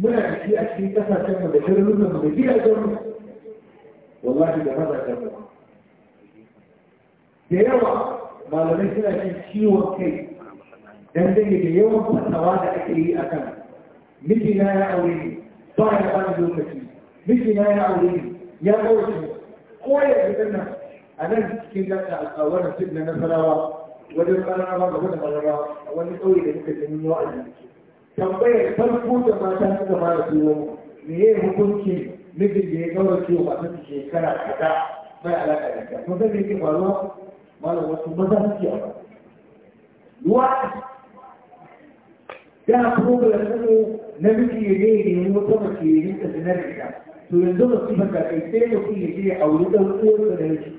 muna da shi a cikin kasashen mu da garurukan mu da gidajen mu wallahi da da mu da yawa malamai suna jin ciwon kai dangane da yawan fasawa da ake yi a kan mijina ya aure ne ba ya bani lokaci mijina ya aure ne ya aure ne ko ya gidan nan a nan cikin gasa a tsawon fitna na nasarawa wajen ƙararrawa gaba da ƙararrawa a wani ƙauye da muka jini yau a jiki tambayar farko da mata suka fara tuwo me ya hukunci mijin da ya gaura ciwo masu su shekara da bai alaƙa da ita kuma zai yake faruwa malam wasu maza suke a ruwa da program ɗin na miji ya ne ne ta mace ya rinka da ita to yanzu ba su ka kai sai mutum ya je a auri ɗan uwansa da yake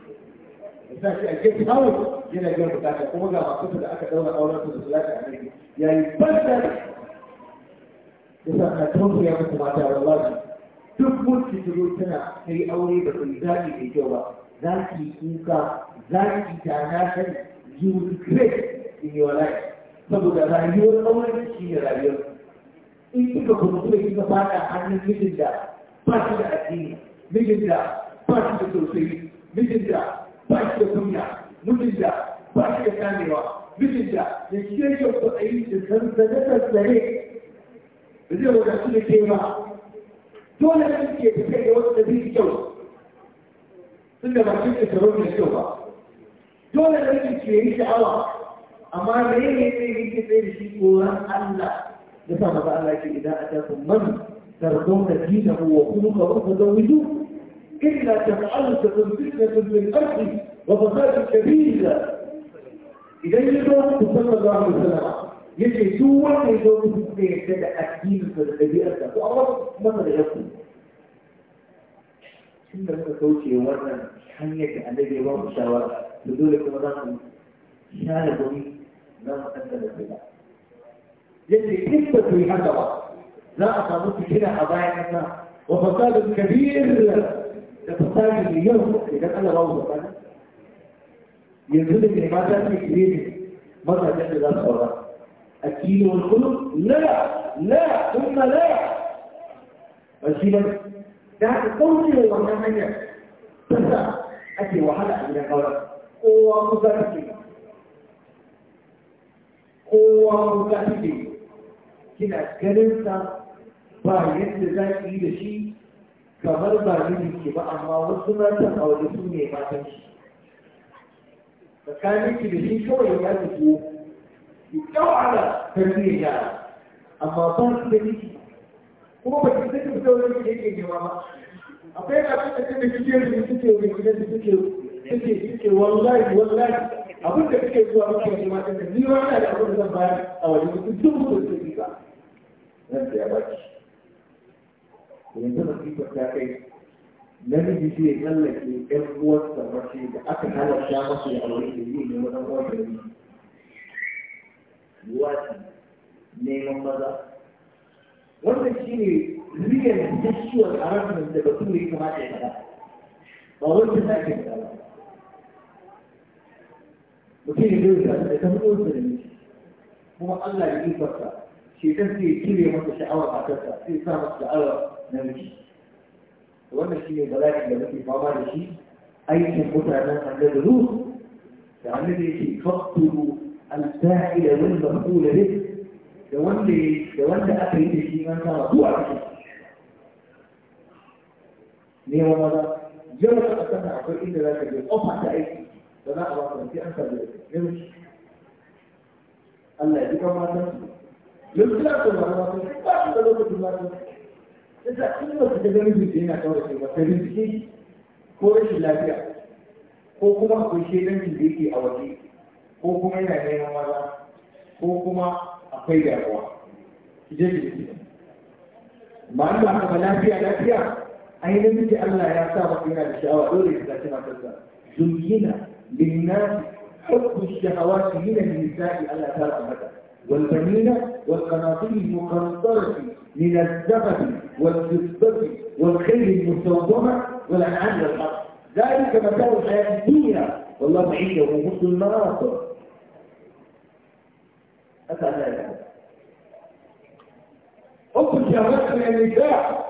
sa shi a gefe hawa yana ta bukata kuma ga masu da aka ɗaura auren su da su lafiya ya yi ban da yasa ana tausaya musu mata wallahi duk mutu duro tana yi aure da kun zaɓi mai kyau ba za ki kuka za ki tana sani you regret in your life saboda rayuwar aure shi ne rayuwar in kika kuma kuma kika fada hannun mijin da ba shi da addini mijin da ba shi da sosai, mijin da ba shi da kunya mijin da ba shi da kamewa mijin da da shi a yi da sansanin sansanin da zai wadatu da ke ba dole ne ke tafiya da wasu da zai kyau tun da ba shi ke da kyau ba dole ne ke yi sha'awa amma da yi ne zai yi ke da shi koran Allah da sa maza Allah ke idan a tafi man tarzon da dina wa kuma ka wata zan wuju إلا تفعلت فتنة بالأرض وفساد كبيرة إذا يجب أن da za عليه وسلم يجي شو واحد يجوز كده إيه، إيه، أكيد في البيئة ده والله ما تغيرته شنو ما توشي وانا حنيك عندك يوم شاور بدون رمضان شال بني لا مقدم البيئة يجي كيف في هذا لا أصابت كده قضايا منها وفصال كبير لفصال اليوم إذا أنا روضة ينزل لي ما تأتي كبير مرة جدا ذات الدين والخلق لا لا ثم لا الدين ده قولي لو ما منيا بس أكيد واحد من قوله قوة مزاتي قوة مزاتي كنا كلمة بايت لذلك إيه شيء كمال بايت كبا أما وصلنا تقول لسوني ما تنشي فكان يكي بشي شوية يعني فيه da wahala tarbiyyar yara amma ba da miki kuma ba ki sake da wani da yake nema ba akwai na kuma da kike da suke yi kuma da suke suke suke wallahi wallahi abin da kike zuwa muke nema da ni ba na da abin da zan a wajen ku duk mun da kike ba nan da ya baki yanzu da kike ta kai namiji zai tsallake ɗan uwarsa mace da aka halarta masa ya aure da yi ne wajen uwarsa luwati neman maza wannan shi ne riyar sexual harassment da batun ya kamata ya faɗa ba wani ta sake faɗa ba mutum ya zai zai da kamar wasu da nishi kuma Allah ya shi kan sai ya cire masa sha'awar matarsa sai sa masa sha'awar nishi wannan shi ne bala'i da muke fama da shi aikin mutanen da ruhu da hannun da yake fakturu الفاعل والمفعول به da wanda da wanda aka yi da shi an sama zuwa ciki ne wa maza yau da aka sana akwai inda za ka je kofa ta aiki da za a ba ka sai an samu da ne Allah ya ji kan matan yanzu za ku zama matan ba su da lokacin matan yasa in ba su ta gani su yana kawai ce ba ta bincike ko rashin lafiya ko kuma akwai shaidan da yake a waje ko kuma yana neman maza ko kuma akwai damuwa je ki ba an ba ka lafiya lafiya ainihin miji Allah ya sa maka yana da sha'awa dole ki zaci matarsa zuyyina linnas حب الشهوات من النساء على ثلاث مدى والبنين والقناطير المقنطرة من الذهب والفضة والخيل المسومة والأنعام والحرث ذلك متاع الحياة الدنيا والله عنده ومثل المناصر أتعلم أقول يا رجل النساء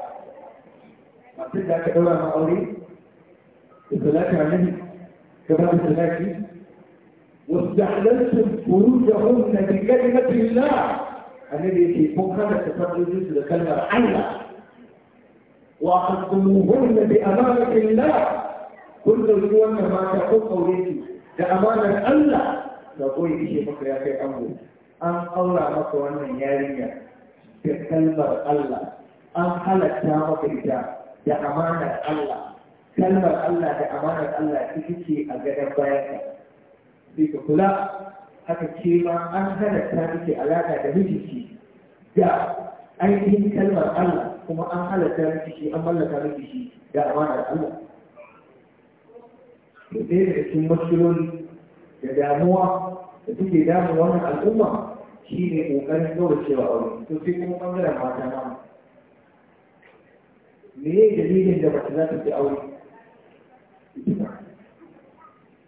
ما ترجع كدولة معوري الثلاثة عليه كما الثلاثة واستحللتم فروجهن بكلمة الله الذي في مكانة تفرجت لكلمة الله وأخذتموهن بأمانة الله كل يوم ما تقول قولتي لأمانة الله تقول شيء مكريات أمور an aura maka wannan yarinya da kalmar Allah an halatta maka ita da amanar Allah kalmar Allah da amanar Allah shi a gadon bayanka sai ka kula haka ce ma an halatta miki alaka da mijinki da ainihin kalmar Allah kuma an halatta miki shi an mallaka miki shi da amanar Allah to dai da cikin matsaloli da damuwa da suke damun wannan al'umma shi ne ƙoƙarin kauracewa aure to sai kuma ɓangaren mata ma me ne dalilin da mace za ta fi aure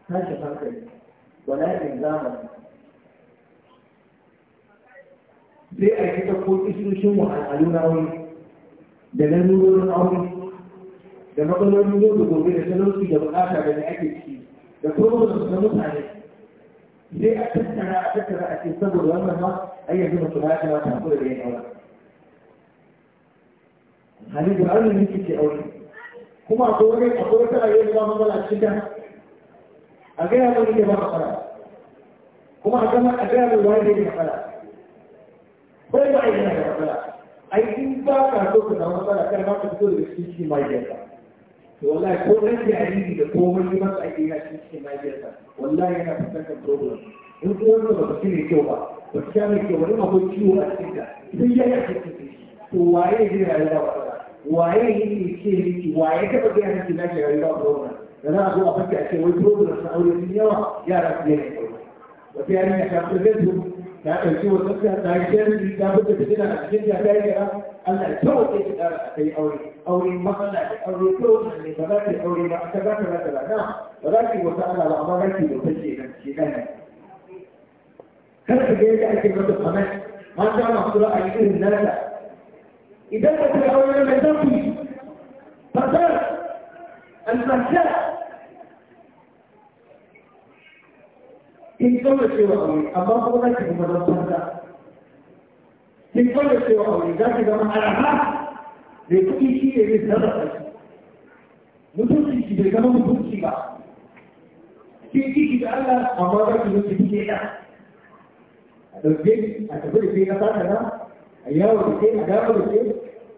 tashin hankali bala'in zamani sai a yi ta ko isoshin wahalhalu na aure da lalurorin aure da matsalolin yau da gobe da talauci da bukata da ake ciki da kuma da mutane sai a tattara a tattara a ce saboda wannan ma ai yanzu mutum ya kamata a kula da yin aure hali da aure ne ke aure kuma akwai wani a wata rayuwa da ba matsala a cikin a gaya mai ne ba fara. kuma a gama a gaya mai wani ne fara. bai ba a yi na matsala ai in ba ka so ka na matsala kai ma ka fito da shi shi ma yadda to wallahi ko ɗan jariri da komai wani masa ake ya cikin cikin lafiyarsa wallahi yana fuskantar problem in ko wani ba su ne kyau ba ba su kyau kyau wani akwai ciwo a cikin ta sun yi a cikin to waye zai rayuwa ba waye yi ce miki waye taɓa gaya miki na ke rayuwa problem da za a zo a fanta a ce wai problem sun aure sun yawa yara su yanayi problem wata yarinya ta fi zai ta ɗauki wata ta yi shirin da ta fita fitina a cikin ta ta yi gara Allah ya tawace ta ƙara a kai aure أو المصنع أو الكون لثبات أو المعتبات مثلا نعم ولكن وسأل على أمامك وتجي من شيئا هل تجيك أنت من الخمس ما جاء مصدر أجيب الناس إذا كنت أولا من ذنبي فقال المهجاء إن كل شيء وقوي أما فضلك من الخمس إن كل شيء وقوي ذلك ما على mai kuɗi shi ne zai sarrafa shi mutunci shi bai zama mutunci ba ke ciki da Allah amma za ki zuci ke da a ɗauke a tafi da ke na sa kaza a yawo da ke a dawo da ke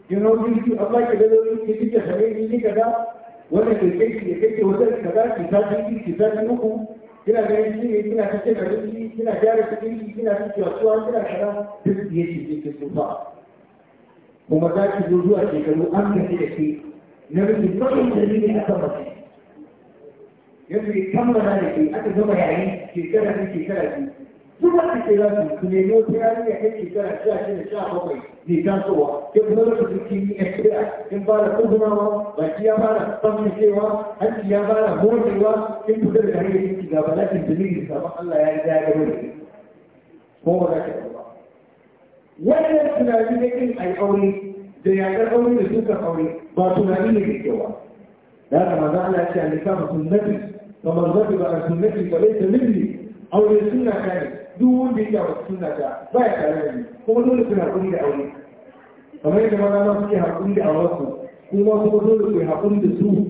yin hau jirgi an ba ki da zai ke duk sare ni kaza wannan ke kai ki ke ke wata kaza ki sa jirgi ki sa jirgi uku kina ganin shi ne kina kashe da jirgi kina gyara kuɗi kina kashe wasu kina kaza duk ya ce ke ke tsufa kuma za ki zo zuwa shekaru an gaji da ke na rufe tsohon da dalili a kan mace yanzu ya kammala da ke aka gama yayi shekara da shekara ce duk wanda ke za su su ne yau ta yari a kai shekara sha da sha bakwai ne sowa ke kuma su ke yi expira in fara ba baki ya fara tsammacewa hanci ya fara motsewa in fitar da hanyar yanki ga balakin dalili sabon Allah ya yi ya gaba da ke ko ba za ki ba wannan tunani na kin ai aure da yaƙar aure da sukar aure ba tunani ne da wa da haka maza Allah ya ce an kama sunnati kamar zabi ba an sunnati ba dai tamimi aure suna ta duk wanda ya ba suna da ba ya tare da ni kuma dole suna hakuri da aure kamar yadda maza ma suke hakuri da aure su kuma kuma dole ku hakuri da su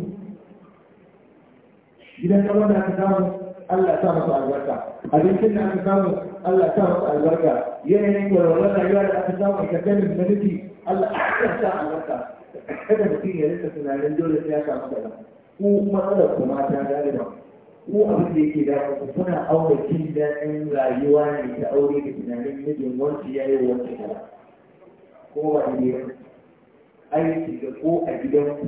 gidan kamar da aka samu Allah ta masu albarka abincin da aka samu Allah ta masu albarka yanayin walwalar rayuwa da aka samu ita ta na Allah ta sa albarka kada mutum ya rinka tunanin dole sai ya samu kaza ku matsalar kuma ta galiba ko abin da yake dafa ku kuna aure jin daɗin rayuwa ne ta aure da tunanin mijin wanci ya yi wanci kaza ko ba ne aiki da ko a gidanku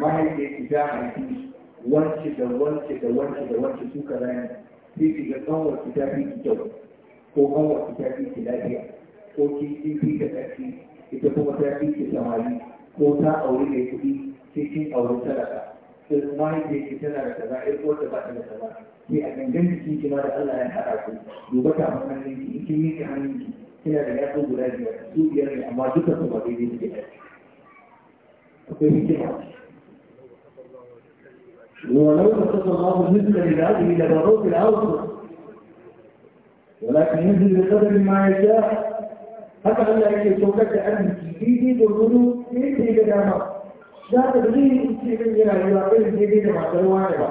mahaifiyar ki ta haifi wance da wance da wance da wance su kaza ne sai ki ga kanwar ki ta fi ki kyau ko kawar ki ta fi ki lafiya ko ki kin fi ka ƙarfi ita kuma ta fi ki samari ko ta aure mai kuɗi sai kin aure talaka sai mahaifiyar ki tana da kaza ƴar uwarta ba ta da kaza sai a gangan jikin ki ma da Allah ya haɗa ku duba ta hannun ki in kin miƙe hannun ki kina da yatsu guda biyar su biyar ne amma duka su ba daidai suke aiki akwai hikima ولو اختص الله النسبة لذاته إلى ضرورة الأوسط ولكن ينزل بقدر ما يشاء حتى أن لك الشوكة أن تجديدي بالغنو إنتي قدامة لا تبغي إنتي قدامة إلا قدر جديدة مع سلوانة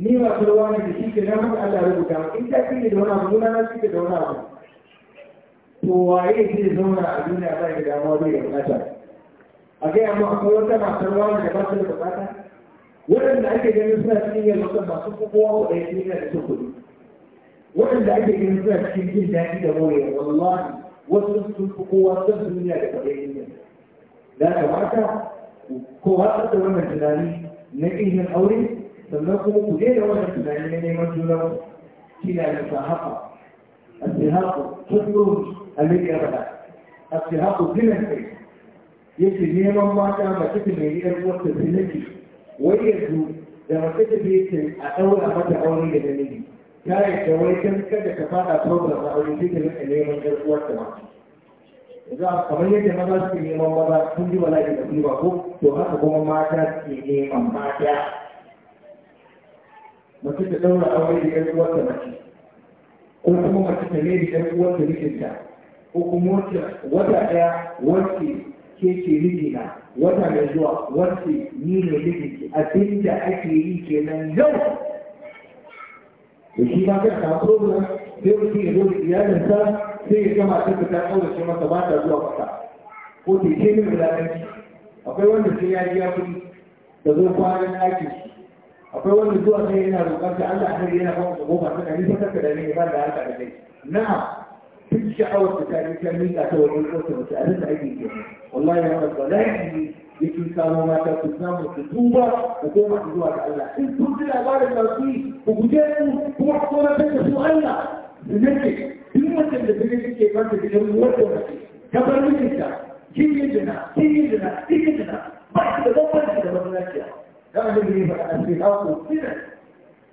نيما سلوانة تشيك قدامة ألا ربك إنتا كي يدونا بدون أنا كي يدونا بدون توائي كي يدونا بدون أبا قدامة بي أمنا شاك أكي أما أقولتا مع سلوانة كبات سلوانة waɗanda ake ganin suna cikin yin wasan masu kowa waɗanda ya yana da su kuɗi waɗanda ake ganin suna cikin jin daɗi da more wallahi wasu sun fi kowa son duniya da kwaɗayin yin da kamata kowa tsaka wannan tunani na ƙin aure sannan kuma ku daina wannan tunani na neman juna shi na da sahafa السهاق كله الذي أبدا السهاق زنا يجي نيما ما كان ما تكتب لي الوقت في نجي wai yanzu da mace ta biye ce a ɗaura mata aure da namiji ta yadda wai kan kada ka fada program na aure sai ta rika neman ƴar uwarta ma a kamar yadda maza suke neman maza sun ji bala'i da ba ko to haka kuma mata suke neman mata mace ta ɗaura aure da ƴar uwarta mace ko kuma mace ta ne da ƴar uwarta mijinta ko kuma wata ɗaya wacce ke ce na wata mai zuwa wace ni ne cikin da ake yi kenan yau da shi ba kan so program sai mutum ya zo da iyalinsa sai ya gama ta fita shi masa ba ta zuwa kusa. ko ta ce min wulaƙanci akwai wanda sai ya biya kuɗi da zo kwanan ɗakin shi akwai wanda zuwa sai yana roƙar ta, Allah a yana ba mu goma suna nisa ta da ne ba da harka da kai na'am duk sha'awar ta kare ta miƙa ta wani ɗaukar mace abin da ake ke wallahi ya rabba la yi yake kamo mata ku samu ku duba ku koma zuwa ga Allah in kun ji labarin masu yi ku guje kuma ku koma kai da su Allah su nake duk mutum da zai kike mata gidan wata mace ta bar mijinta kin yi jina kin yi jina kin yi jina ba ki da babban da wani lafiya da da ya ba a cikin hawa ko mace ta ke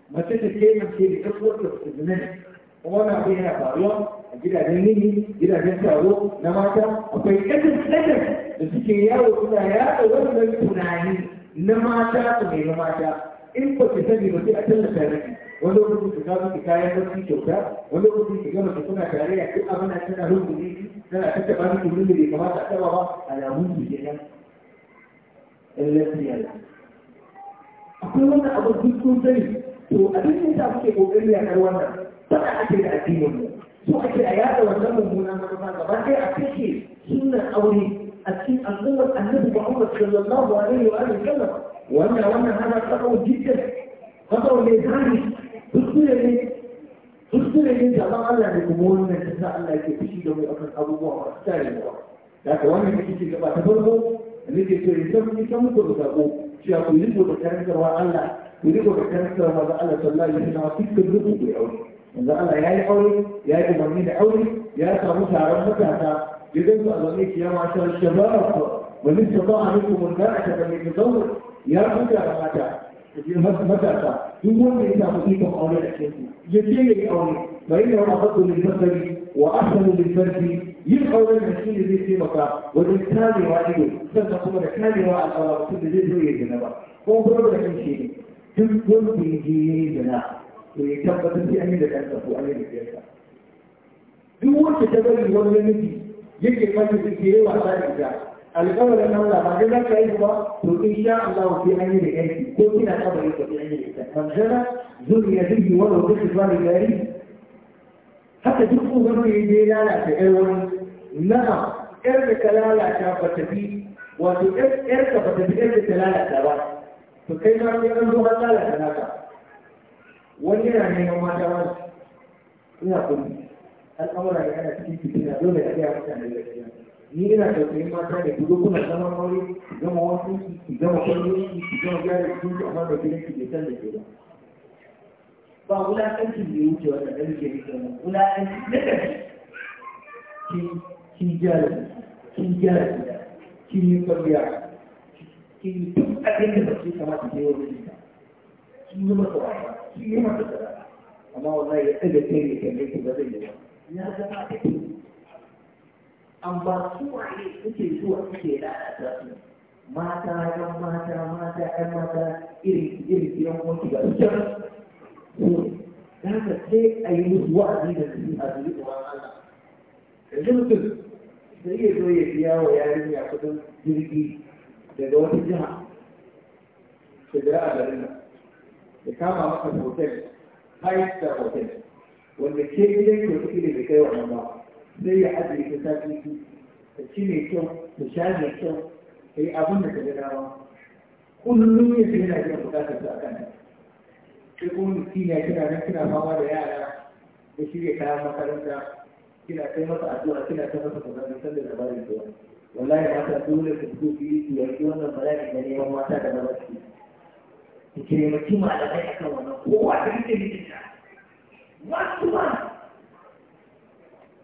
mace da kasuwar da su kuma wani abu yana faruwa a gidajen nini gidajen taro na mata akwai ƙasar ƙasar da suke yawo suna yaɗa wannan tunani na mata su ne na mata in ba ki sani ba sai a tallata ne. wani lokaci ki ga miki kayan barci kyauta wani lokaci ki ga mace kuna tare ya duk abin da tana rubuce tana tattaba miki wurin da bai kamata a taba ba alamun ki kenan illati yalla akwai wannan abu duk kun sani to a da yasa kuke kokarin yakar wannan ba a cikin addinin mu suka ce a yada wannan mummunan manufa gaba ɗaya a kashe sunan aure a cikin al'ummar annabi Muhammad sallallahu alaihi wa alihi sallam wannan wannan hana tsaro jiddan tsaro ne zani kuskure ne kuskure ne da Allah ne kuma wannan ta sa Allah ke fushi da mu akan abubuwa masu tare da da ka wannan da kike gaba ta farko ne ke so ya san ni kan muku da sako cewa ku yi gobe karantarwa Allah ku yi gobe karantarwa da Allah sallallahu alaihi wa sallam cikin rubutu ya aure yanzu Allah ya yi aure ya yi umarni da aure ya samu taron matasa ya gansu a zaune kiyama ta shabara ko wani shaba a muku mun da aka ga mai zaune ya buga da mata ji matasa duk wanda ya samu ikon aure da ku ya ce ya yi aure bai da wani abu da masari wa asalu da sarki yin aure da shi ne zai taimaka wajen kamewa ido sannan kuma da kamewa al'aura mutum da zai zo ya gina ba ko kuma da kan shi ne duk wanda ya je ya yi gina to ya tabbatar sai an yi da ɗansa ko an yi da ɗansa duk wacce ta bari wani namiji yake mata da ke yawa ta ita alƙawarin nan da ba dai za ka yi ba to in sha Allah sai an yi da ɗanki ko kina kabari ko an yi da ita manzara zuriya dubi wani wata shi ba da gari haka duk ubangi ya je lalata ƴar wani na'a ƴar da ka lalata ba ta bi wato ƴar ka ba ta bi ƴar da ta lalata ba to kai ma sai an zo har lalata naka wani yana neman mata ba ina kuma al'amura da ana cikin fitina dole a gaya mutane da gaskiya ni ina tausayin mata da ku zo kuna zaman aure ki gama wasu ki gama kwallo ki gama gyara jikin ki amma da gidan ki bai san da ke ba ba wulaƙancin da ya wuce wannan da muke rike mu wulaƙanci na ƙarshe kin kin gyara kin gyara kin yi kwalliya kin yi duk abin da ba su kamata ke wani shi yi masa wasa shi yi masa kaza amma wallahi ya ɗaga kai ne kan yake ba zai yi ba ya zama a kai amma su waye suke zuwa suke lalata su mata 'yan mata mata 'yan mata irin irin gidan wanki ga su can da haka sai a yi musu wa'azi da su a zuri uban Allah yanzu mutum sai ya zo ya biya wa yarinya kudin jirgi daga wata jiha shekara a garin nan كما مثل هوتيل هايت ستار هوتيل والمكتب اللي كنت فيه اللي بيكيو على الله زي حد اللي كنت فيه الشيء يكون مشان يكون هي أظن كذا كل مية فينا كنا بقاعد نتكلم يكون فينا كنا نكنا ما ما ده يعني مش هي كلام ما كلام ده كنا كنا تأجوا كنا كنا تأجوا كنا نسند الأبواب والله ما تأجوا لك تقول فيه يكون الملاك يعني ما تأجوا da taimaki malamai a kan wannan kowa ta rike mijinta wasu ma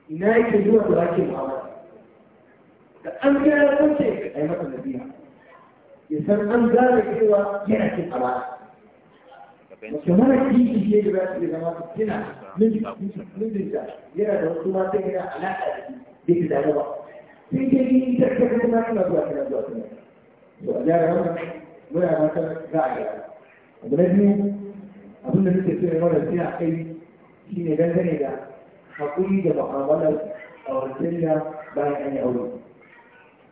ina yake zuwa da ake mu'amala da an gaya ya kwance a yi masa nasiha ya san an gane cewa yana cin amana wace mara kishi ce da za su zama su tuna mijinta yana da wasu mata yana alaƙa da shi da ke damu ba sai ke yi ta kasance na suna zuwa suna zuwa suna zuwa gyara wannan muna mata za a gyara abu na biyu abin da muke so ne mara sai a kai shi ne dangane da haƙuri da mu'amalar auratayya bayan an yi aure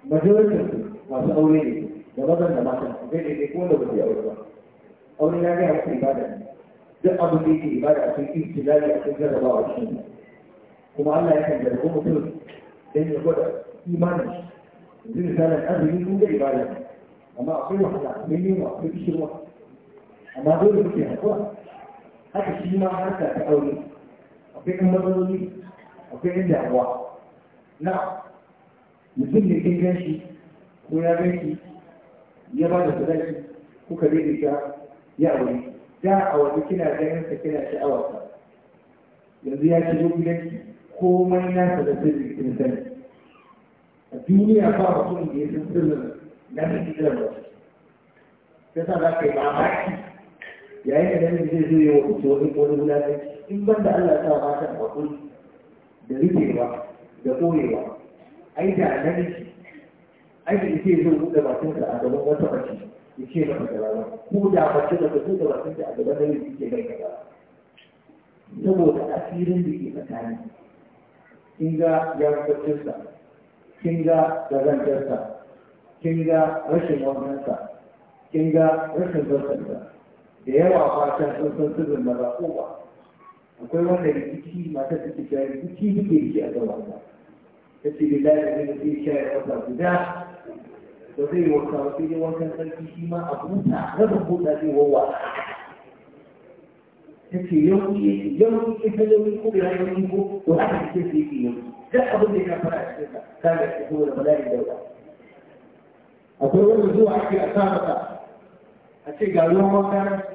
majalisar masu aure ne da mazan da mata zai daidai ko da ba aure ba aure na gaya masa ibada ne duk abin da yake ibada a cikin ibtilali a cikin jarrabawa a cikin. kuma Allah ya kan jarrabu mutum don ya gwada imanin shi yanzu misalin azumi kun ga ibada amma akwai wahala akwai yunwa akwai kishirwa amma dole kuke haɗuwa haka shi ma harka ta aure akwai ɗan matsaloli akwai ɗan damuwa na mutum ne kin gan shi ko ya gan shi ya ba da sadaki kuka da ya aure da a wani kina ganin sa kina sha'awarsa yanzu ya shigo gidanki komai nasa da sirri kin sani a duniya ba mutum da ya san sirrin na ƙi gidan ba sai sa za ka yi mamaki yayin da namiji zai zo ya wuce wani wani wulaƙanci in ban da Allah sa mata haƙuri da rikewa da ɓoyewa ai da namiji ai da ita zai buɗe ka a gaban wata mace ya ce mata kaza ko da mace da ta buɗe ka a gaban namiji ke mai ba saboda asirin da ke tsakani kin ga yarfaccinsa kin ga gazantarsa kin ga rashin wannansa kin ga rashin zartarsa da yawa fatan sun san sirrin maza ko ba akwai wanda rikici matar da ke shayar rikici nake shi a gaban ta ta ce da dai da zai ya wata guda da zai wanka wasu yi wankan sarki shi ma a buta rabin buta zai wawa ta ce yau ne yau ne ta yau ko da yau ne ko to haka ta ce sai ke yau duk abin da ya fara a cikin ka ta ga shi ko da bala'in dauka akwai wanda zuwa ake a sa mata a ce ga ruwan wanka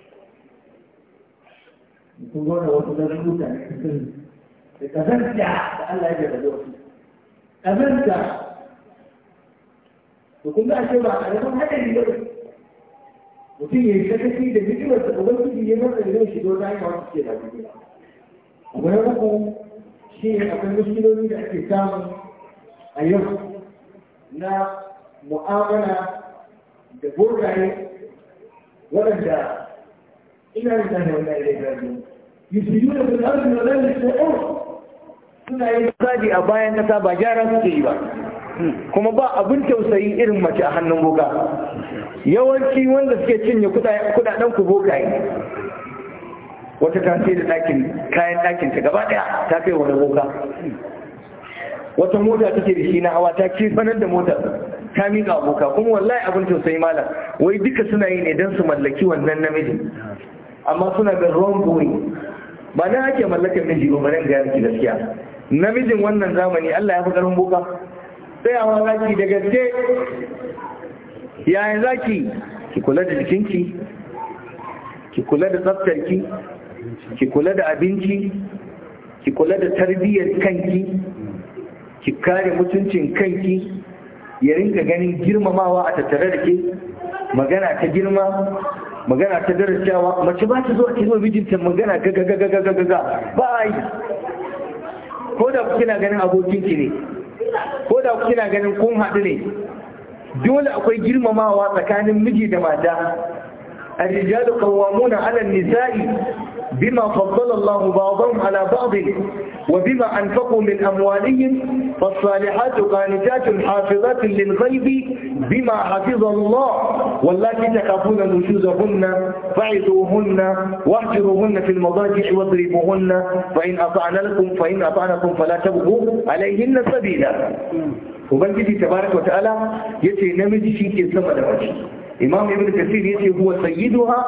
sun zo da wasu ganin mutane da kazanta da Allah ya gaba da wasu kazanta to kun ga ashe ba a yawan haɗari ba mutum ya yi sakaci da hikimar da ubangiji ya masa da zai shigo na hanyar wasu ke da wani A na uku shi ne kan muskiloli da ake samu a yau na mu'amala da gogaye waɗanda ina da tsanin wani ɗaya da yusiyu da bin arzi da zai shi'ur suna yin zaji a bayan kasa ba gyara suke yi ba hmm. kuma ba abin tausayi irin mace a hannun boka yawanci wanda suke cinye kudaden ku boka yi wata ta ce da ɗakin kayan ɗakin ta gaba ɗaya ta kai wani boka wata mota take da shi na hawa ta kifanar da motar ta miƙa aboka kuma wallahi abin tausayi malam wai duka suna yi ne don su mallaki wannan namijin amma suna ga ruwan way ba ake mallakar miji ba bare ga yanki gaskiya namijin wannan zamani Allah ya fi karfin boka sai a zaki da gaske yayin zaki ki kula da jikinki ki kula da tsaftarki ki kula da abinci ki kula da tarbiyyar kanki ki kare mutuncin kanki ya ringa ganin girmamawa a tattare da ke magana ta girma magana ta darajawa mace ba ta zuwa ta zuwa mijinta magana gagagagagagaga ba a yi ko da kina ganin abokinki ne ko da kina ganin kun haɗu ne dole akwai girmamawa tsakanin miji da mata الرجال قوامون على النساء بما فضل الله بعضهم على بعض وبما أنفقوا من أموالهم فالصالحات قانتات حافظات للغيب بما حفظ الله واللاتي تخافون نشوزهن فعظوهن واهجروهن في المضاجع واضربوهن فإن أطعن لكم فإن أطعنكم فلا تبغوا عليهن سبيلا وبنجي تبارك وتعالى يتي نمجي شيء كي imam ibn kasir yace huwa sayyiduha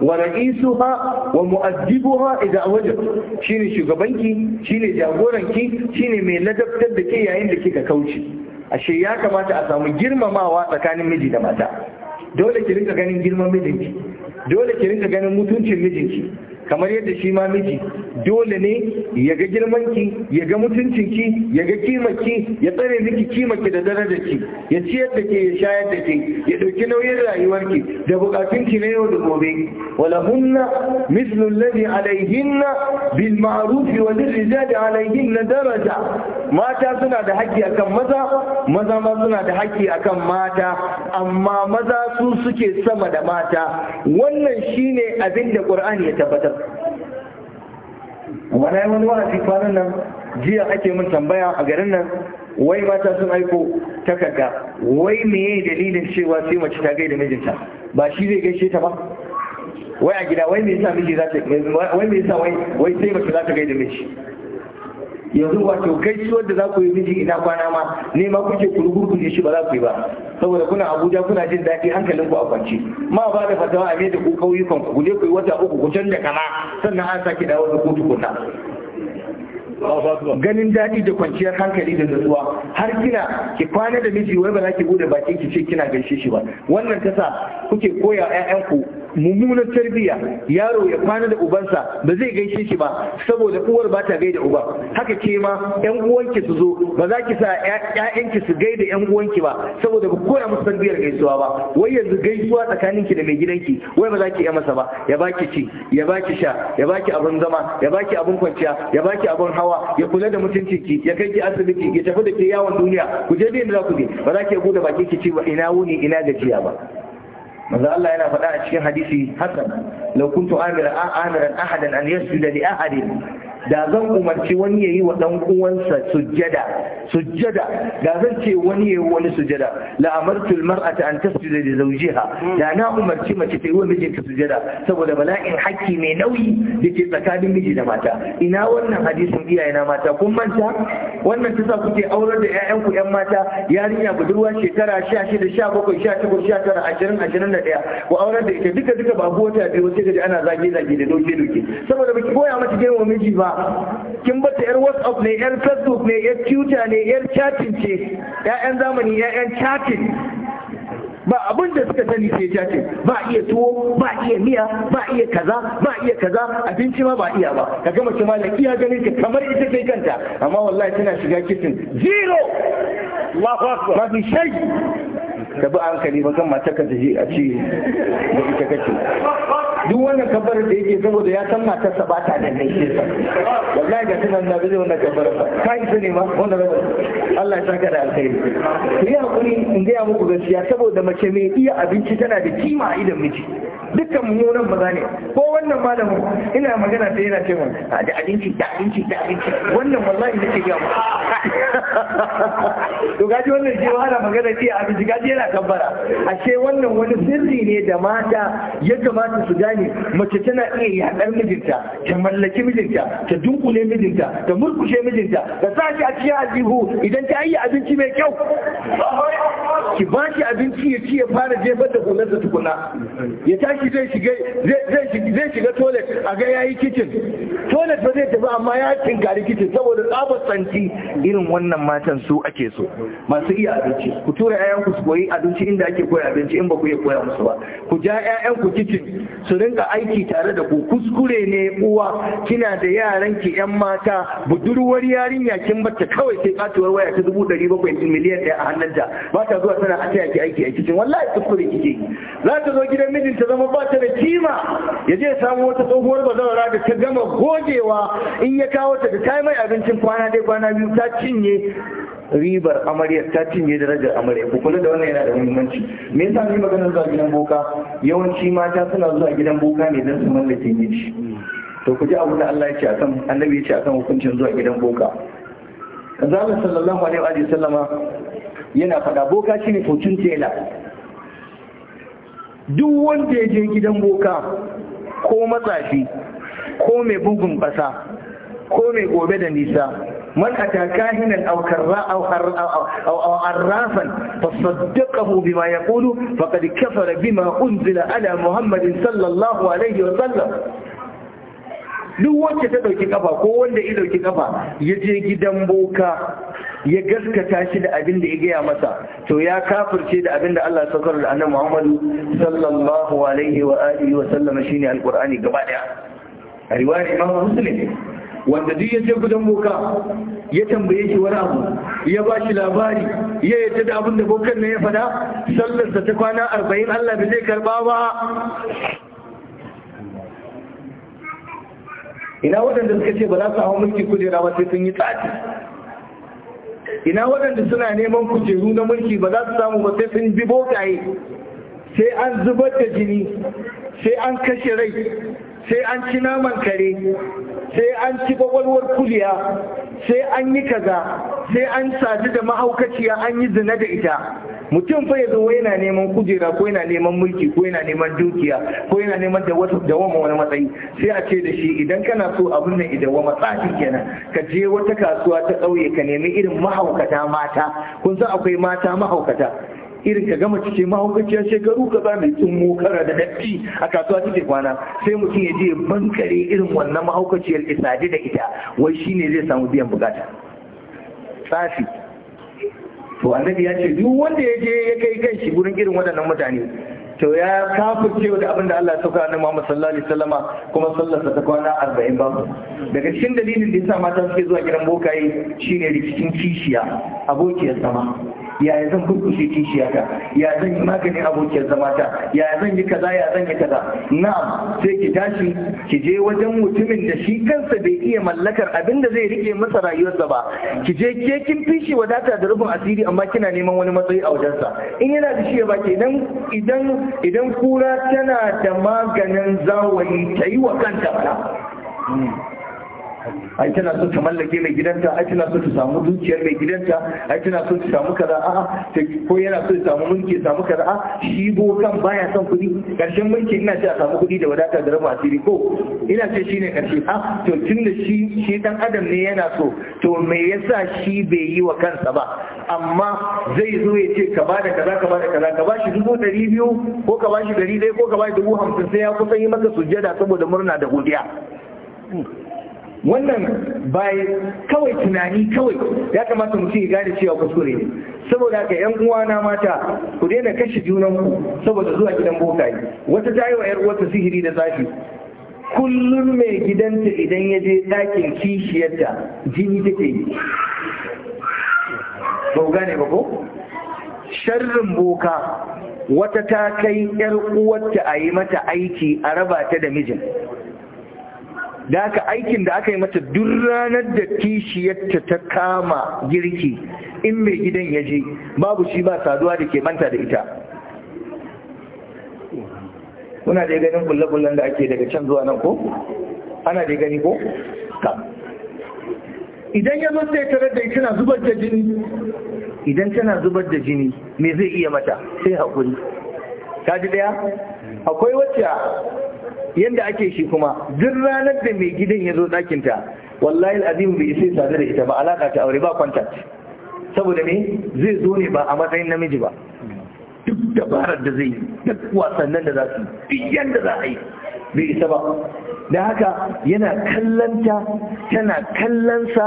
wa ra'isuha wa mu'addibuha idza wajib shine shugabanki shine jagoranki shine mai ladabtar da ke yayin da kika kauce ashe ya kamata a samu girmamawa tsakanin miji da mata dole ki rinka ganin girman mijinki dole ki rinka ganin mutuncin mijinki kamar yadda shi ma miji dole ne ya ga girmanki ya ga mutuncinki ya ga kimaki, ya tsare miki kimaki da darajarki ya ciyar da ke ya shayar da ke ya ɗauki nauyin rayuwarki da bukatunki na yau da gobe wala hunna mislu alladhi alayhinna bil ma'ruf wa lil alayhinna daraja mata suna da haƙƙi akan maza maza ma suna da haƙƙi akan mata amma maza su suke sama da mata wannan shine abin da Qur'ani ya tabbatar amma wani wa'azi kwanan nan jiya ake mun tambaya a garin nan wai mata sun aiko takarda wai meye dalilin cewa sai mace ta gaida mijinta ba shi zai gaishe ta ba wai a gida wai me yasa miji za ta wai me yasa wai wai sai mace za ta gaida miji yanzu wato kai shi wanda za ku yi miji ina kwana ma ne ma kuke kurkurku ne shi ba za ku yi ba saboda kuna abuja kuna jin daɗi hankalin ku a kwance ma ba da fatawa a da ku kauyukan ku je ku yi wata uku ku canza kama sannan an sake dawo da ku kuna ganin daɗi da kwanciyar hankali da nutsuwa har kina ki kwana da miji wai ba za ki bude bakin ki ce kina gaishe shi ba wannan tasa kuke koya 'ya'yanku mummunar tarbiyya yaro ya kwana da ubansa ba zai gaishe shi ba saboda uwar ba ta gaida uba haka ke ma yan uwanki su zo ba za ki sa ƴaƴanki su gaida yan uwanki ba saboda ba koya musu tarbiyyar gaisuwa ba wai yanzu gaisuwa tsakaninki da mai gidanki wai ba za ki iya masa ba ya baki ci ya baki sha ya baki abun zama ya baki abun kwanciya ya baki abun hawa ya kula da mutuncinki ya kai ki asibiti ya tafi da ke yawon duniya ku je da za ku je ba za ki buɗe bakin ki ci ba ina wuni ina gajiya ba manzo Allah yana faɗa a cikin hadisi hasan law kuntu amira ahadan an yasjuda li ahadin da zan umarci wani ya yi wa ɗan uwansa sujjada sujjada da zan ce wani ya yi wani sujjada la amartu almar'ata an tasjuda li zawjiha da na umarci mace ta yi wa mijinta sujjada saboda bala'in hakki mai nauyi da ke tsakanin miji da mata ina wannan hadisin iyaye na mata kun manta wannan ta kuke aurar da ƴaƴan ku ƴan mata yarinya budurwa shekara 16 17 18 19 20 21 ku aurar da ita duka duka babu wata biyu sai kaji ana zage zage da doke doke saboda baki koya mata girma miji ba kin ta yar whatsapp ne yar facebook ne yar twitter ne yar chatting ce ya'yan zamani ya'yan chatting ba abin da suka sani sai chatting ba iya tuwo ba iya miya ba iya kaza ba iya kaza abinci ma ba iya ba ka gama shi ma iya ganin ka kamar ita kai kanta amma wallahi tana shiga kitchen zero Allahu akbar ba shai ka bi hankali ba kan matar ka ta je a ce da ita kake duk wannan kabar da yake saboda ya san matar sa bata da kai shi sa wallahi ga tunan da bai wannan ba, ka isa ne ma wannan Allah ya saka da alkhairi ku yi hakuri in gaya muku gaskiya saboda mace mai iya abinci tana da kima a idan miji dukkan munan maza ne ko wannan malamin ina magana sai yana ce a da abinci da abinci da abinci wannan wallahi nake ga mu to gaji wannan shi wahala magana ce a abinci gaji yana kabbara ashe wannan wani sirri ne da mata ya kamata su gane mace tana iya yaɗar mijinta ta mallaki mijinta ta dunkule mijinta ta murkushe mijinta ta sa shi a cikin aljihu idan ta yi abinci mai kyau ki ba shi abinci ya ci ya fara jefar da hular da tukuna ya tashi zai shiga zai shiga toilet a ga yayi kitchen toilet ba zai tafi amma ya tinkari kitchen saboda tsabar tsanti irin wannan matan su ake so masu iya abinci ku tura ƴaƴan ku su koyi abinci inda ake koya abinci in ba ku iya koya musu ba ku ja ƴaƴan ku kitchen su rinka aiki tare da ku kuskure ne uwa kina da yaran ki ƴan mata budurwar yarinya kin bata kawai sai katuwar waya ta dubu ɗari bakwai miliyan ɗaya a hannun ta ba ta zuwa magana a kai aiki a kicin wallahi kuskure kike za ta zo gidan mijin ta zama ba ta da kima ya je samu wata tsohuwar bazawara da ta gama gogewa in ya kawo ta da ta mai abincin kwana dai kwana biyu ta cinye ribar amaryar ta cinye darajar amarya ku kula da wannan yana da muhimmanci me yasa ni magana zuwa gidan boka yawanci mata suna zuwa gidan boka ne dan su mallake miji to ku ji abu da Allah ya ce kan annabi ya ce kan hukuncin zuwa gidan boka Allah sallallahu alaihi wa sallama yana fada boka shine fortune tela duk wanda ya je gidan boka ko matsafi ko mai bugun ƙasa ko mai gobe da nisa man ata kahinan aw karra aw aw arrafan fasaddaqahu bima yaqulu faqad kafara bima unzila ala muhammadin sallallahu alaihi wa duk wacce ta ɗauki ƙafa ko wanda ya dauki kafa ya je gidan boka ya gaskata shi da abin da ya gaya masa to ya kafirce da abin da Allah saukar da annabi Muhammadu sallallahu alaihi wa alihi wa sallama shine alqur'ani gaba daya a riwayar Imam Muslim wanda duk ya je gudan boka ya tambaye shi wani abu ya ba shi labari ya yadda da abin da bokan ne ya faɗa sallarsa ta kwana arba'in Allah bai zai karba ba ina waɗanda suka ce ba za su hau mulki kujera ba sai sun yi tsati ina waɗanda suna neman kujeru na mulki ba za su samu ba sai sun bi bokaye sai an zubar da jini sai an kashe rai sai an ci naman kare sai an ci kwakwalwar kuliya sai an yi kaza sai an sadu da mahaukaciya an yi zina da ita mutum fa yazo yana neman kujera ko yana neman mulki ko yana neman dukiya ko yana neman da dawama wani matsayi sai a ce da shi idan kana so abin nan idawama tsafi kenan ka je wata kasuwa ta ƙauye ka nemi irin mahaukata mata kun san akwai mata mahaukata irin ka gama cike mahaukaciya shekaru ka za mai tsummo kara da datti a kasuwa take kwana sai mutum ya je bankare irin wannan mahaukaciyar isaje da ita wai shine zai samu biyan bukata tsafi to annabi ya ce duk wanda ya je ya kai kanshi shi gurin irin waɗannan mutane to ya kafirce da abin da Allah ya sauka annabi Muhammad sallallahu alaihi wasallama kuma sallarsa ta kwana 40 ba daga cikin dalilin da yasa mata suke zuwa gidan bokaye shine rikicin kishiya abokiyar sama ya zan kurkushe kishiyata ya zan yi maganin abokiyar ta ya zan yi kaza ya zan yi kaza na'am sai ki tashi ki je wajen mutumin da shi kansa bai iya mallakar abin da zai rike masa rayuwarsa ba ki je ke kin fishi wadata da rubin asiri amma kina neman wani matsayi a wajensa in yana da shi ya baki idan idan idan kura tana da maganin zawayi ta yi wa kanta bala hmm. ai tana so ta mallake mai gidanta ai tana so ta samu dukiyar mai gidanta ai tana so ta samu kaza a'a ko yana so ta samu mulki ya samu kaza a'a shi kan baya son kuɗi karshen mulki ina ce a samu kuɗi da wadata da rabu asiri ko ina ce shine karshe a to tun da shi shi dan adam ne yana so to me yasa shi bai yi wa kansa ba amma zai zo ya ce ka bada kaza ka bada kaza ka bashi dubu ɗari biyu ko ka bashi ɗari ɗaya ko ka bashi dubu hamsin sai ya kusa yi maka sujjada saboda murna da godiya wannan bai kawai tunani kawai ya kamata mu ya gane cewa kuskure ne saboda haka yan uwana mata ku daina kashe junan ku saboda zuwa gidan bokaye wata ta yi wa yar uwarta sihiri da zafi kullum mai gidanta idan ya je ɗakin kishiyarta jini take yi ba gane ba ko sharrin boka wata ta kai yar uwarta a yi mata aiki a raba ta da mijin da aka aikin da aka yi mata duk ranar da kishiyarta ta kama girki in mai gidan ya je babu shi ba saduwa da ke manta da ita kuna da ganin kulle-kullen da ake daga can zuwa nan ko? ana da gani ko? ka idan ya zo sai tare da tana zubar da jini idan tana zubar da jini me zai iya mata sai haƙuri ta ji daya akwai wacce yadda ake shi kuma duk ranar da mai gidan ya zo ɗakinta wallahi azim bai sai sadar da ita ba alaƙa ta aure ba contact saboda ne, zai zo ne ba a matsayin namiji ba duk dabarar da zai yi duk wasannin da za su yi duk yadda za a yi bai isa ba da haka yana kallanta tana kallansa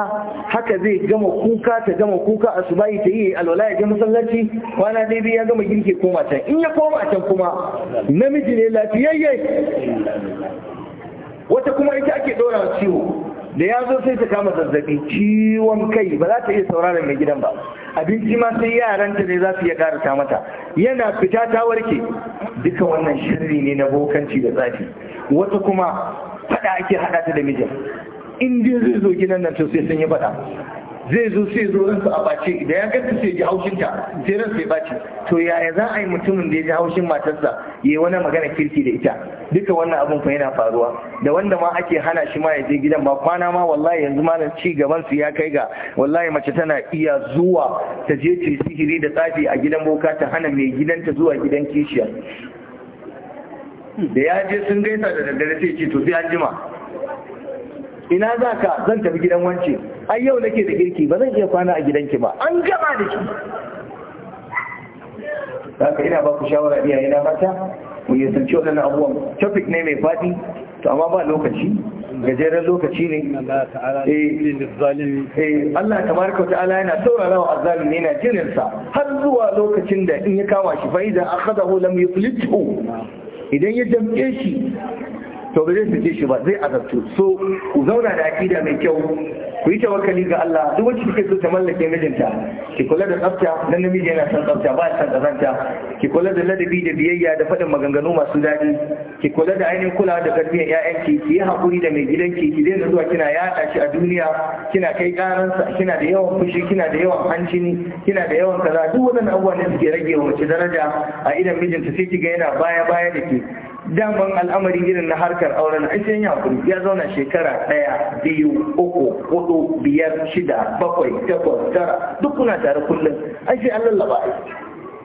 haka zai gama kuka ta gama kuka a su bayi ta yi alwala ya ga masallaci kwana ɗaya ya gama girki koma can in ya koma can kuma namiji ne lafiyayye wata kuma ita ake ɗora ciwo da ya zo sai ta kama zazzabi ciwon kai ba za ta iya sauraron mai gidan ba abinci ma sai yaranta ne za su iya karata mata yana fita ta warke duka wannan shirri ne na bokanci da tsafi wata kuma fada ake hada ta da mijin in zai zo gidan nan to sai sun yi fada zai zo sai zo ransu a bace da ya ganta sai ji haushin ta sai ransu ya bace to yaya za a yi mutumin da ya ji haushin matarsa yayi wani magana kirki da ita duka wannan abun fa yana faruwa da wanda ma ake hana shi ma ya je gidan ba kwana ma wallahi yanzu ma ci gaban su ya kai ga wallahi mace tana iya zuwa ta je ta sihiri da tsafi a gidan boka ta hana mai gidanta zuwa gidan kishiya da ya je sun gaisa da daddare sai ce to sai an jima ina za ka zan tafi gidan wance ai yau nake da girki ba zan iya kwana a gidanki ba an gama da Za ka ina ba ku shawara iya na mata mu yi sanci waɗannan abubuwan topic ne mai faɗi to amma ba lokaci gajeren lokaci ne eh, eh Allah tabaraka wa ta'ala yana saurara wa azalimi yana jirinsa har zuwa lokacin da in ya kama shi fa idan akhadahu lam yuflithu idan ya damke shi to ba zai fice shi ba zai azabtu so ku zauna da akida mai kyau ku yi tawakkali ga Allah duk wacce kike so ta mallake mijinta ki kula da tsafta dan namiji yana san tsafta ba san tsafta, ki kula da ladabi da biyayya da faɗin maganganu masu daɗi ki kula da ainihin kulawa da karfin ƴaƴanki ki yi hakuri da mai gidanki ki daina zuwa kina yaɗa shi a duniya kina kai sa kina da yawan fushi kina da yawan hanci, kina da yawan kaza duk waɗannan abubuwa ne suke rage wa mace daraja a idan mijinta sai ki ga yana baya baya da ke daman al'amari irin na harkar auren an cikin ya ya zauna shekara ɗaya biyu uku hudu biyar shida bakwai takwas tara duk kuna tare kullum an ce an lallaba a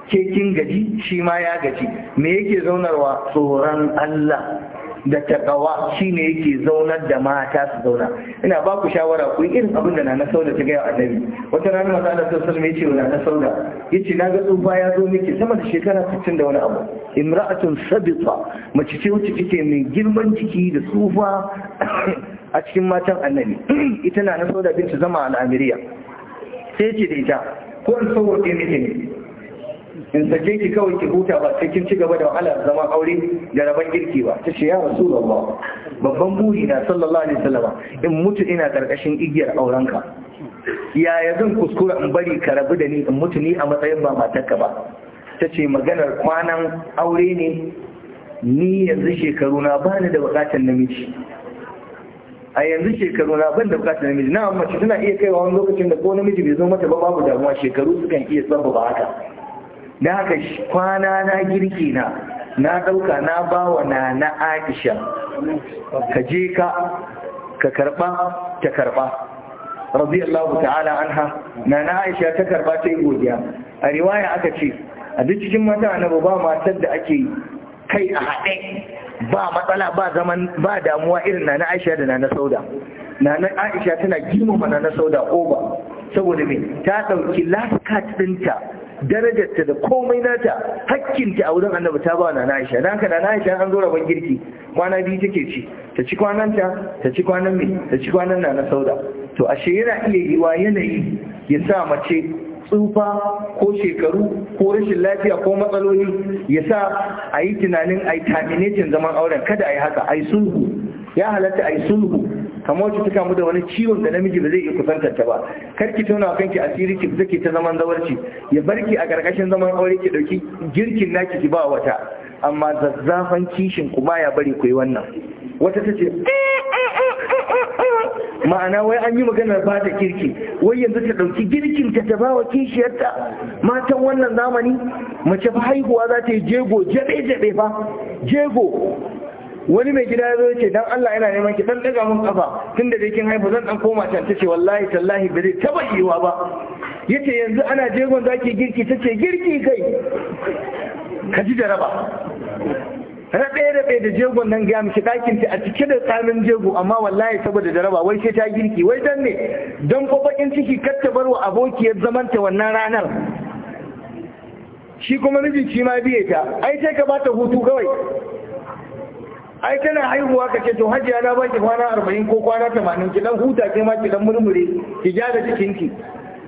kin gaji shi ma ya gaji me yake zaunarwa tsoron Allah da takawa shine yake zaunar da mata su zauna ina ba ku shawara ku yi irin abin da na na sauda ta gaya annabi wata rana masu ala sassan mai ce na sauda ya ce na ga tsufa ya zo miki sama da shekara 60 da wani abu imra'atun sabita mace ce wacce kike mai girman jiki da tsufa a cikin matan annabi ita na na sauda binta zama al'amiriya sai ce da ita ko in sauwa ke miki ne in sake ki kawai ki huta ba sai kin ci gaba da wahala zaman aure da rabon girki ba ta ce ya rasulullah babban buri na sallallahu alaihi wasallam in mutu ina karkashin igiyar aurenka yaya zan kuskura in bari ka rabu da ni in mutu ni a matsayin ba matarka ba ta ce maganar kwanan aure ne ni yanzu shekaru na ba ni da bukatar namiji a yanzu shekaru na ban da bukatar namiji na mace tana iya kaiwa wani lokacin da ko namiji bai zo mata ba babu damuwa shekaru sukan iya tsamba ba haka da haka kwana na girki na na ɗauka na bawa na na aisha ka je ka ka karɓa ta karɓa radiyallahu ta'ala anha na na aisha ta karɓa ta yi godiya a riwaya aka ce a duk cikin mata annabi ba matar da ake kai a haɗe ba matsala ba zaman ba damuwa irin na na aisha da na na sauda na na aisha tana girmama na na sauda oba saboda me ta ɗauki last card ɗinta darajarta da komai nata hakkinta a wurin annabi ta ba na Aisha dan haka na Aisha an zo rabon girki kwana biyu take ci ta ci kwanan ta ta ci kwanan me ta ci kwanan na sauda to ashe yana iya yi wa yanayi ya sa mace tsufa ko shekaru ko rashin lafiya ko matsaloli ya sa a yi tunanin a yi terminating zaman auren kada a yi haka ai sulhu ya halatta a sulhu kamar wacce ta kamu da wani ciwon da namiji ba zai iya kusantar ta ba kar ki tona kanki asiri ki take ta zaman zawarci ya barki a karkashin zaman aure ki dauki girkin naki ki ba wata amma zazzafan kishin kuma ya bari ku yi wannan wata ta eh, eh, eh, ma'ana wai an yi maganar ba ta kirki wai yanzu ta ɗauki girkin ta ta bawa kishiyarta matan wannan zamani mace fa haihuwa za ta yi jego jabe jabe ba. jego wani mai gida zo yace dan Allah yana neman ki dan daga mun kafa tunda dai kin haifa zan dan koma can tace wallahi tallahi ba zai taba yiwa ba yace yanzu ana jegon zaki girki tace girki kai ka ji jaraba rabe-rabe da jegon nan gaya miki ɗakin ta a cike da tsamin jego amma wallahi saboda jaraba wai sai ta girki wai dan ne don ko bakin ciki kar ta barwa abokiyar abokiyar zamanta wannan ranar shi kuma miji shi ma biye ta ai sai ka bata hutu kawai ai tana haihuwa ka to hajiya na baki kwana arba'in ko kwana tamanin ki dan huta ke ma ki murmure ki ja da ki.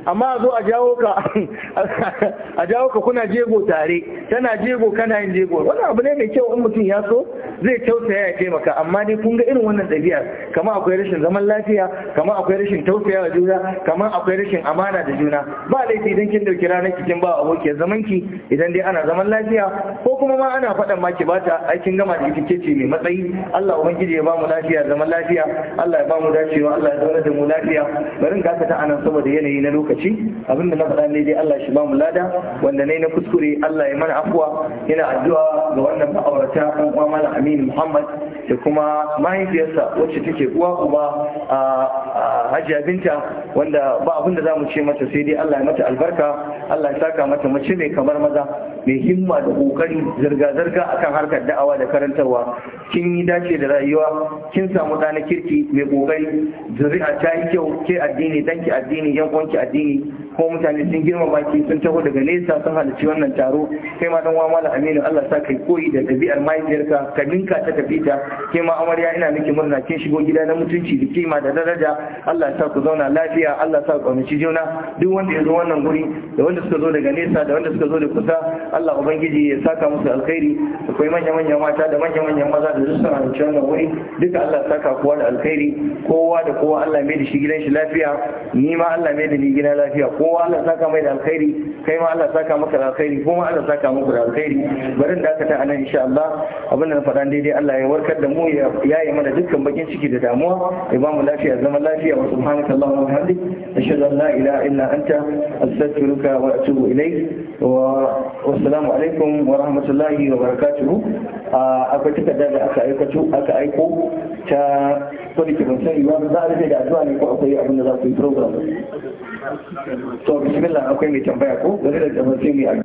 amma zo a jawo ka a jawo ka kuna jego tare tana jego kana yin jego wannan abu ne mai kyau in mutum ya so zai tausaya ya taimaka amma dai kun ga irin wannan ɗabi'a kama akwai rashin zaman lafiya kama akwai rashin tausaya wa juna kama akwai rashin amana da juna ba laifi idan kin dauki ranar kikin ba abokiyar zaman idan dai ana zaman lafiya ko kuma ma ana faɗan ma ki bata ai kin gama da kike ce mai matsayi Allah ubangiji ya ba mu lafiya zaman lafiya Allah ya ba mu dacewa Allah ya zauna da mu lafiya bari in gasa ta anan saboda yanayi na lokaci lokaci abinda na faɗa ne dai Allah shi ba mu lada wanda ne na kuskure Allah ya mana afuwa yana addu'a ga wannan ma'aurata ɗan uwa mala Aminu Muhammad da kuma mahaifiyarsa wacce take uwa uba a Hajiya Binta wanda ba abin da zamu ce mata sai dai Allah ya mata albarka Allah ya saka mata mace mai kamar maza mai himma da kokari zirga-zirga akan harkar da'awa da karantarwa kin yi dace da rayuwa kin samu ɗana kirki mai kokari zuri'a ta yi kyau ke addini danki addini yan uwanki addini addini ko mutane sun girmama baki sun taho daga nesa sun halarci wannan taro kai ma dan wamala aminu Allah sa kai koyi da ɗabi'ar mahaifiyarka ka ninka ta tafi ta kai ma amarya ina miki murna kin shigo gida na mutunci da kima da daraja Allah sa ku zauna lafiya Allah sa ku amince juna duk wanda ya zo wannan guri da wanda suka zo daga nesa da wanda suka zo da kusa Allah ubangiji ya saka musu alkhairi akwai manya-manyan mata da manya-manyan maza da su suna halarci wannan wuri duka Allah saka kowa da alkhairi kowa da kowa Allah mai da shi gidan shi lafiya ni ma Allah mai da ni gidan gida lafiya kowa Allah saka mai da alkhairi kai ma Allah saka maka da alkhairi ko ma Allah saka muku da alkhairi barin dakata anan insha Allah abin da na faɗa daidai Allah ya warkar da mu ya yaye mana dukkan bakin ciki da damuwa ya ba mu lafiya zaman lafiya wa subhanaka allahumma wa bihamdik ashhadu an la ilaha illa anta astaghfiruka wa atubu ilayk wa assalamu alaikum wa rahmatullahi wa barakatuhu akwai takarda da aka aikato aka aiko ta kwalifikansari ba za a rufe da addu'a ne ko akwai abin da za ku yi program to bismillah akwai mai tambaya ko gari da jama'a sai mai